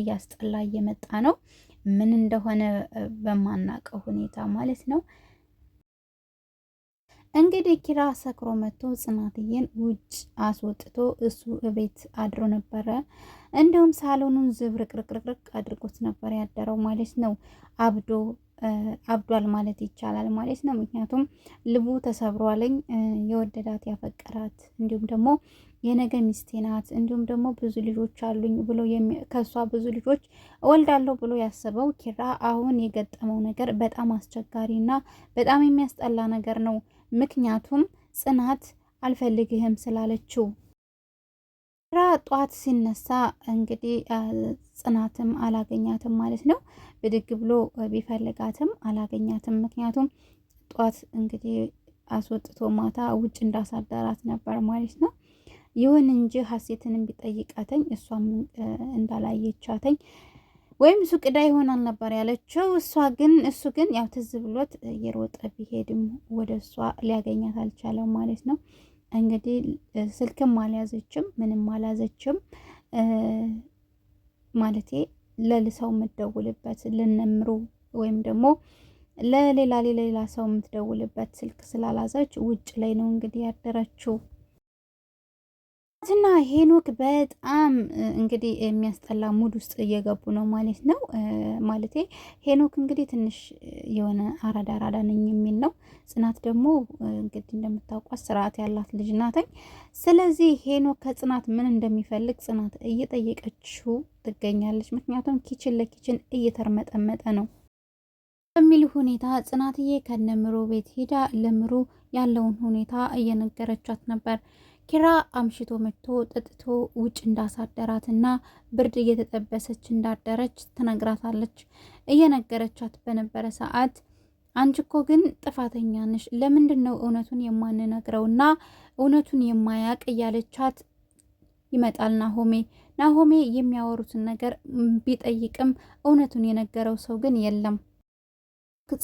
እያስጠላ እየመጣ ነው። ምን እንደሆነ በማናቀው ሁኔታ ማለት ነው። እንግዲህ ኪራ ሰክሮ መጥቶ ጽናትዬን ውጭ አስወጥቶ እሱ እቤት አድሮ ነበረ። እንዲሁም ሳሎኑን ዝብርቅርቅርቅ አድርጎት ነበር ያደረው ማለት ነው አብዶ አብዷል ማለት ይቻላል ማለት ነው። ምክንያቱም ልቡ ተሰብሯለኝ የወደዳት ያፈቀራት እንዲሁም ደግሞ የነገ ሚስቴ ናት እንዲሁም ደግሞ ብዙ ልጆች አሉኝ ብሎ ከእሷ ብዙ ልጆች እወልዳለሁ ብሎ ያሰበው ኪራ አሁን የገጠመው ነገር በጣም አስቸጋሪ እና በጣም የሚያስጠላ ነገር ነው። ምክንያቱም ጽናት አልፈልግህም ስላለችው ራ ጧት ሲነሳ እንግዲህ ጽናትም አላገኛትም ማለት ነው። ብድግ ብሎ ቢፈልጋትም አላገኛትም። ምክንያቱም ጧት እንግዲህ አስወጥቶ ማታ ውጭ እንዳሳደራት ነበር ማለት ነው። ይሁን እንጂ ሀሴትንም ቢጠይቃተኝ እሷም እንዳላየቻተኝ ወይም እሱ ቅዳ ይሆናል ነበር ያለችው። እሷ ግን እሱ ግን ያው ትዝ ብሎት እየሮጠ ቢሄድም ወደ እሷ ሊያገኛት አልቻለም ማለት ነው። እንግዲህ ስልክም አልያዘችም ምንም አልያዘችም። ማለቴ ለልሰው የምትደውልበት ልነምሩ ወይም ደግሞ ለሌላ ሌላ ሰው የምትደውልበት ስልክ ስላላዘች ውጭ ላይ ነው እንግዲህ ያደረችው። እና ሄኖክ በጣም እንግዲህ የሚያስጠላ ሙድ ውስጥ እየገቡ ነው ማለት ነው። ማለቴ ሄኖክ እንግዲህ ትንሽ የሆነ አራዳ አራዳ ነኝ የሚል ነው። ጽናት ደግሞ እንግዲህ እንደምታውቋት ስርዓት ያላት ልጅ ናተኝ። ስለዚህ ሄኖክ ከጽናት ምን እንደሚፈልግ ጽናት እየጠየቀችው ትገኛለች። ምክንያቱም ኪችን ለኪችን እየተርመጠመጠ ነው በሚል ሁኔታ ጽናትዬ ከነምሮ ቤት ሄዳ ለምሮ ያለውን ሁኔታ እየነገረቻት ነበር። ኪራ አምሽቶ መጥቶ ጠጥቶ ውጭ እንዳሳደራትና ብርድ እየተጠበሰች እንዳደረች ትነግራታለች። እየነገረቻት በነበረ ሰዓት አንቺ እኮ ግን ጥፋተኛ ነሽ፣ ለምንድን ነው እውነቱን የማንነግረውና እውነቱን የማያቅ እያለቻት ይመጣል ናሆሜ። ናሆሜ የሚያወሩትን ነገር ቢጠይቅም እውነቱን የነገረው ሰው ግን የለም።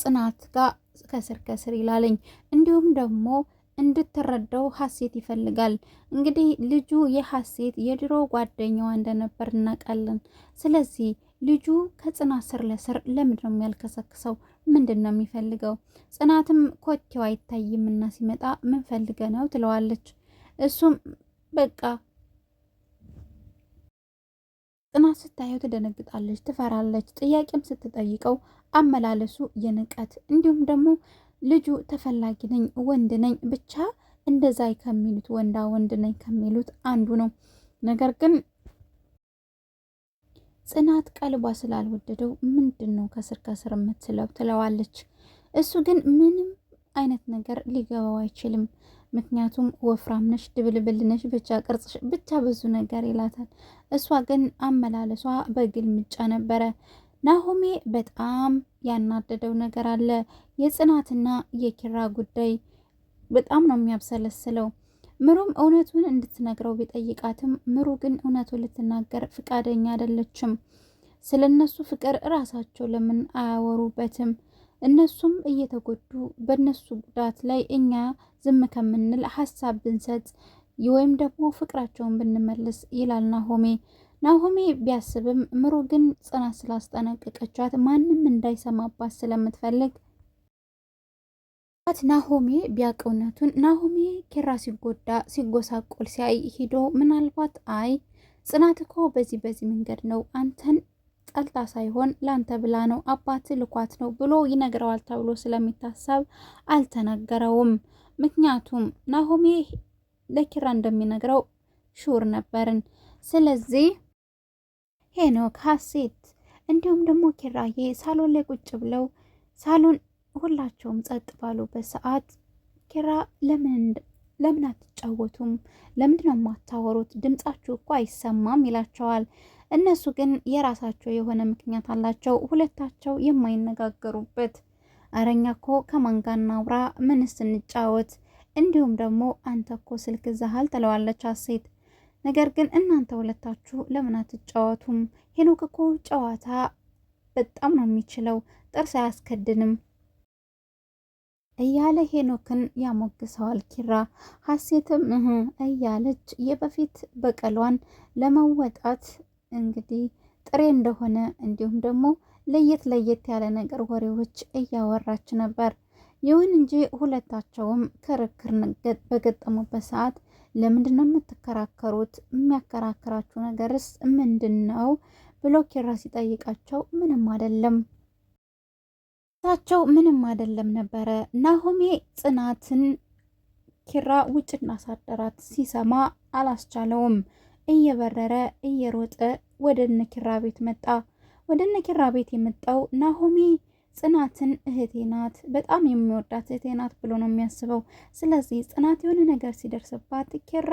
ጽናት ጋር ከስር ከስር ይላለኝ። እንዲሁም ደግሞ እንድትረዳው ሀሴት ይፈልጋል። እንግዲህ ልጁ የሀሴት የድሮ ጓደኛዋ እንደነበር እናውቃለን። ስለዚህ ልጁ ከጽናት ስር ለስር ለምንድን ነው የሚያልከሰክሰው? ምንድን ነው የሚፈልገው? ጽናትም ኮቴው እና ሲመጣ ምን ፈልገ ነው ትለዋለች። እሱም በቃ ጽናት ስታየው ትደነግጣለች፣ ትፈራለች። ጥያቄም ስትጠይቀው አመላለሱ የንቀት እንዲሁም ደግሞ ልጁ ተፈላጊ ነኝ ወንድ ነኝ ብቻ እንደዛ ከሚሉት ወንዳ ወንድ ነኝ ከሚሉት አንዱ ነው። ነገር ግን ጽናት ቀልቧ ስላልወደደው ምንድን ነው ከስር ከስር የምትለው ትለዋለች። እሱ ግን ምንም አይነት ነገር ሊገባው አይችልም። ምክንያቱም ወፍራም ነሽ፣ ድብልብል ነሽ፣ ብቻ ቅርጽሽ ብቻ ብዙ ነገር ይላታል። እሷ ግን አመላለሷ በግልምጫ ነበረ። ናሆሜ በጣም ያናደደው ነገር አለ። የጽናትና የኪራ ጉዳይ በጣም ነው የሚያብሰለስለው። ምሩም እውነቱን እንድትነግረው ቢጠይቃትም ምሩ ግን እውነቱን ልትናገር ፍቃደኛ አይደለችም። ስለ እነሱ ፍቅር እራሳቸው ለምን አያወሩበትም? እነሱም እየተጎዱ በእነሱ ጉዳት ላይ እኛ ዝም ከምንል ሀሳብ ብንሰጥ ወይም ደግሞ ፍቅራቸውን ብንመልስ ይላል ናሆሜ። ናሆሜ ቢያስብም ምሩ ግን ጽናት ስላስጠነቀቀቻት ማንም እንዳይሰማባት ስለምትፈልግ ናሆሜ ቢያቀውነቱን ናሆሜ ኪራ ሲጎዳ ሲጎሳቆል ሲያይ ሂዶ ምናልባት አይ ጽናት እኮ በዚህ በዚህ መንገድ ነው አንተን ጠልታ ሳይሆን ላንተ ብላ ነው አባት ልኳት ነው ብሎ ይነግረዋል ተብሎ ስለሚታሰብ አልተነገረውም። ምክንያቱም ናሆሜ ለኪራ እንደሚነግረው ሹር ነበርን። ስለዚህ ሄኖክ፣ ሀሴት እንዲሁም ደግሞ ኪራዬ ሳሎን ላይ ቁጭ ብለው ሳሎን ሁላቸውም ጸጥ ባሉበት ሰዓት ኪራ ለምን አትጫወቱም? ለምንድን ነው የማታወሩት? ድምጻችሁ እኮ አይሰማም ይላቸዋል። እነሱ ግን የራሳቸው የሆነ ምክንያት አላቸው። ሁለታቸው የማይነጋገሩበት አረኛ እኮ ከማን ጋር እናውራ? ምንስ እንጫወት? እንዲሁም ደግሞ አንተ እኮ ስልክ ዛሃል ትለዋለች ሀሴት ነገር ግን እናንተ ሁለታችሁ ለምን አትጫወቱም? ሄኖክ እኮ ጨዋታ በጣም ነው የሚችለው፣ ጥርስ አያስከድንም እያለ ሄኖክን ያሞግሰዋል ኪራ። ሀሴትም እህ እያለች የበፊት በቀሏን ለመወጣት እንግዲህ ጥሬ እንደሆነ እንዲሁም ደግሞ ለየት ለየት ያለ ነገር ወሬዎች እያወራች ነበር። ይሁን እንጂ ሁለታቸውም ክርክር በገጠሙበት ሰዓት ለምንድን ነው የምትከራከሩት? የሚያከራክራችሁ ነገርስ ምንድን ነው ብሎ ኪራ ሲጠይቃቸው ምንም አይደለም ታቸው ምንም አይደለም ነበረ። ናሆሜ ጽናትን ኪራ ውጭ ሳደራት ሲሰማ አላስቻለውም። እየበረረ እየሮጠ ወደ እነ ኪራ ቤት መጣ። ወደ እነ ኪራ ቤት የመጣው ናሆሜ ጽናትን እህቴ ናት፣ በጣም የሚወዳት እህቴ ናት ብሎ ነው የሚያስበው። ስለዚህ ጽናት የሆነ ነገር ሲደርስባት፣ ኬራ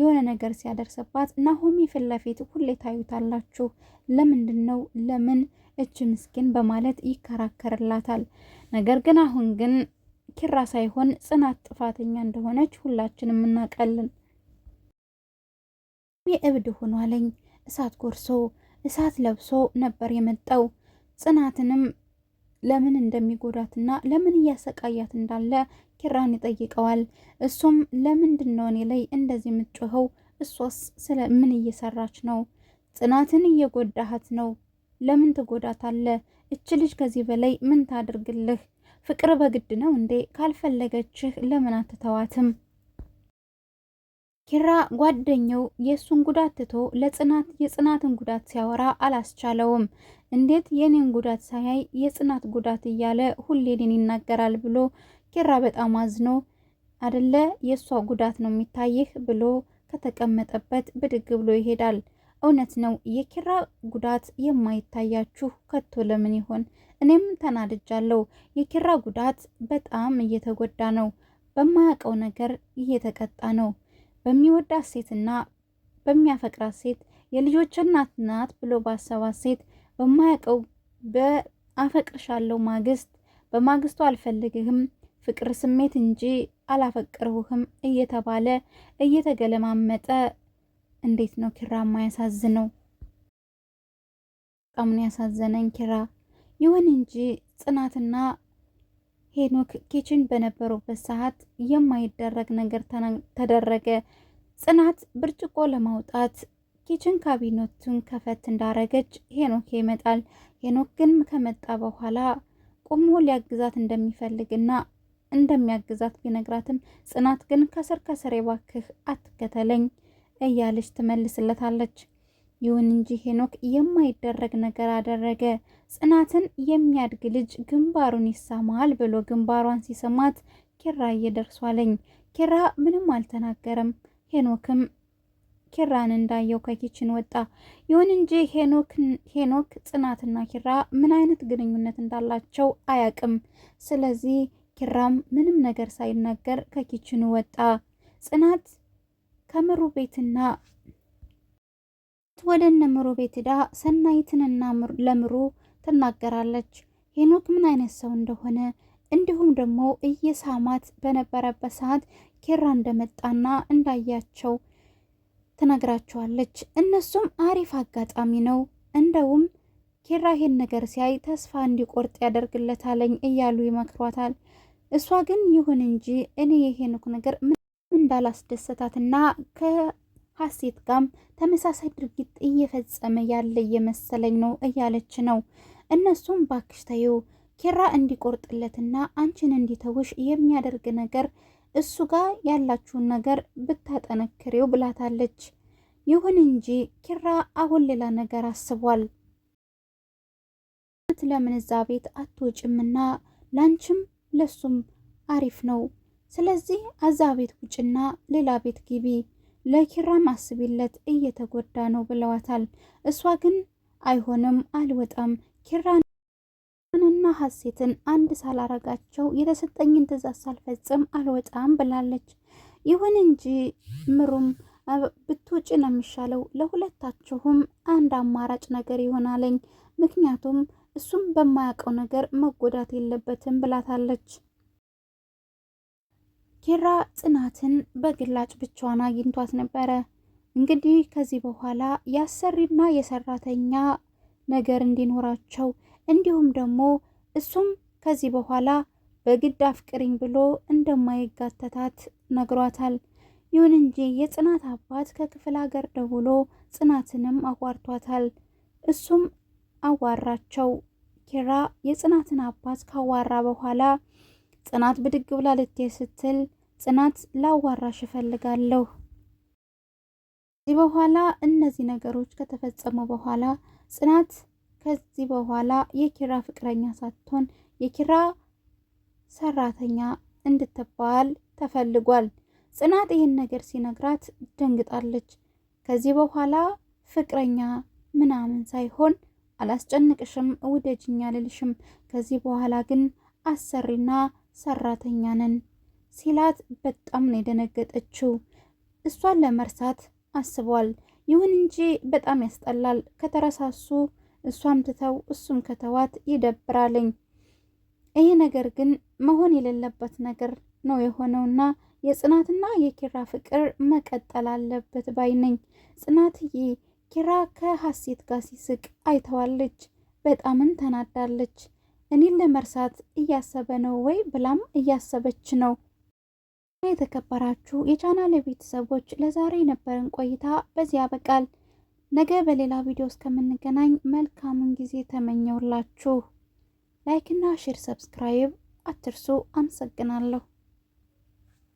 የሆነ ነገር ሲያደርስባት፣ ናሆሚ ፊት ለፊት ሁሌ ታዩታላችሁ። ለምንድን ነው ለምን እች ምስኪን በማለት ይከራከርላታል። ነገር ግን አሁን ግን ኪራ ሳይሆን ጽናት ጥፋተኛ እንደሆነች ሁላችንም እናውቃለን። እብድ ሆኗለኝ እሳት ጎርሶ እሳት ለብሶ ነበር የመጣው ጽናትንም ለምን እንደሚጎዳትና ለምን እያሰቃያት እንዳለ ኪራን ይጠይቀዋል። እሱም ለምንድን ነው እኔ ላይ እንደዚህ የምትጮኸው? እሷስ ስለ ምን እየሰራች ነው? ጽናትን እየጎዳሃት ነው። ለምን ትጎዳታለ? እች ልጅ ከዚህ በላይ ምን ታድርግልህ? ፍቅር በግድ ነው እንዴ? ካልፈለገችህ ለምን አትተዋትም? ኪራ ጓደኛው የእሱን ጉዳት ትቶ ለጽናት የጽናትን ጉዳት ሲያወራ አላስቻለውም። እንዴት የኔን ጉዳት ሳያይ የጽናት ጉዳት እያለ ሁሌ እኔን ይናገራል ብሎ ኪራ በጣም አዝኖ አደለ የእሷ ጉዳት ነው የሚታይህ ብሎ ከተቀመጠበት ብድግ ብሎ ይሄዳል። እውነት ነው የኪራ ጉዳት የማይታያችሁ ከቶ ለምን ይሆን? እኔም ተናድጃለሁ። የኪራ ጉዳት በጣም እየተጎዳ ነው፣ በማያውቀው ነገር እየተቀጣ ነው። በሚወዳት ሴትና በሚያፈቅራት ሴት የልጆች እናት ናት ብሎ ባሰባት ሴት በማያውቀው በአፈቅርሻለው ማግስት በማግስቱ አልፈልግህም ፍቅር ስሜት እንጂ አላፈቅርሁህም እየተባለ እየተገለማመጠ እንዴት ነው ኪራ ማያሳዝነው? በጣም ነው ያሳዘነኝ ኪራ። ይሁን እንጂ ጽናትና ሄኖክ ኪችን በነበሩበት ሰዓት የማይደረግ ነገር ተደረገ። ጽናት ብርጭቆ ለማውጣት ኪችን ካቢኔቱን ከፈት እንዳረገች ሄኖክ ይመጣል። ሄኖክ ግን ከመጣ በኋላ ቆሞ ሊያግዛት እንደሚፈልግና እንደሚያግዛት ቢነግራትም ጽናት ግን ከስር ከስር ባክህ አትከተለኝ እያለች ትመልስለታለች። ይሁን እንጂ ሄኖክ የማይደረግ ነገር አደረገ። ጽናትን የሚያድግ ልጅ ግንባሩን ይሳማል ብሎ ግንባሯን ሲሰማት ኪራ እየደርሷለኝ። ኪራ ምንም አልተናገረም። ሄኖክም ኪራን እንዳየው ከኪችን ወጣ። ይሁን እንጂ ሄኖክ ጽናትና ኪራ ምን አይነት ግንኙነት እንዳላቸው አያቅም። ስለዚህ ኪራም ምንም ነገር ሳይናገር ከኪችኑ ወጣ። ጽናት ከምሩ ቤትና ወደ እነ ምሩ ቤት ሄዳ ሰናይትንና ለምሩ ትናገራለች። ሄኖክ ምን አይነት ሰው እንደሆነ እንዲሁም ደግሞ እየሳማት በነበረበት ሰዓት ኬራ እንደመጣና እንዳያቸው ትነግራቸዋለች። እነሱም አሪፍ አጋጣሚ ነው፣ እንደውም ኬራ ይሄን ነገር ሲያይ ተስፋ እንዲቆርጥ ያደርግለታለኝ እያሉ ይመክሯታል። እሷ ግን ይሁን እንጂ እኔ የሄኖክ ነገር ምን እንዳላስደሰታትና ሀሴት ጋም ተመሳሳይ ድርጊት እየፈጸመ ያለ እየመሰለኝ ነው እያለች ነው። እነሱም ባክሽ ተይው ኪራ እንዲቆርጥለትና አንቺን እንዲተውሽ የሚያደርግ ነገር እሱ ጋር ያላችሁን ነገር ብታጠነክሬው ብላታለች። ይሁን እንጂ ኪራ አሁን ሌላ ነገር አስቧል። ለምን እዛ ቤት አትወጭምና ላንቺም ለሱም አሪፍ ነው። ስለዚህ እዛ ቤት ውጭና ሌላ ቤት ግቢ ለኪራም አስቢለት እየተጎዳ ነው ብለዋታል። እሷ ግን አይሆንም አልወጣም ኪራን እና ሀሴትን አንድ ሳላረጋቸው የተሰጠኝን ትእዛዝ ሳልፈጽም አልወጣም ብላለች። ይሁን እንጂ ምሩም ብትውጭ ነው የሚሻለው፣ ለሁለታችሁም አንድ አማራጭ ነገር ይሆናለኝ፣ ምክንያቱም እሱም በማያውቀው ነገር መጎዳት የለበትም ብላታለች። ኪራ ጽናትን በግላጭ ብቻዋን አግኝቷት ነበረ። እንግዲህ ከዚህ በኋላ የአሰሪና የሰራተኛ ነገር እንዲኖራቸው እንዲሁም ደግሞ እሱም ከዚህ በኋላ በግድ አፍቅሪኝ ብሎ እንደማይጋተታት ነግሯታል። ይሁን እንጂ የጽናት አባት ከክፍለ ሀገር ደውሎ ጽናትንም አዋርቷታል። እሱም አዋራቸው። ኪራ የጽናትን አባት ካዋራ በኋላ ጽናት ብድግ ብላ ልትሄድ ስትል ጽናት ላዋራሽ እፈልጋለሁ። ከዚህ በኋላ እነዚህ ነገሮች ከተፈጸሙ በኋላ ጽናት ከዚህ በኋላ የኪራ ፍቅረኛ ሳትሆን የኪራ ሰራተኛ እንድትባል ተፈልጓል። ጽናት ይህን ነገር ሲነግራት ደንግጣለች። ከዚህ በኋላ ፍቅረኛ ምናምን ሳይሆን አላስጨንቅሽም፣ ውደጅኛ ልልሽም ከዚህ በኋላ ግን አሰሪና ሰራተኛ ነን ሲላት በጣም ነው የደነገጠችው። እሷን ለመርሳት አስቧል። ይሁን እንጂ በጣም ያስጠላል። ከተረሳሱ እሷም ትተው እሱም ከተዋት ይደብራልኝ። ይሄ ነገር ግን መሆን የሌለበት ነገር ነው የሆነውና የጽናትና የኪራ ፍቅር መቀጠል አለበት ባይ ነኝ። ጽናትዬ ኪራ ከሀሴት ጋር ሲስቅ አይተዋለች። በጣምም ተናዳለች። እኔን ለመርሳት እያሰበ ነው ወይ ብላም እያሰበች ነው። የተከበራችሁ የቻናል ቤተሰቦች ለዛሬ የነበረን ቆይታ በዚህ ያበቃል። ነገ በሌላ ቪዲዮ እስከምንገናኝ መልካሙን ጊዜ ተመኘውላችሁ። ላይክና ሼር፣ ሰብስክራይብ አትርሱ። አመሰግናለሁ።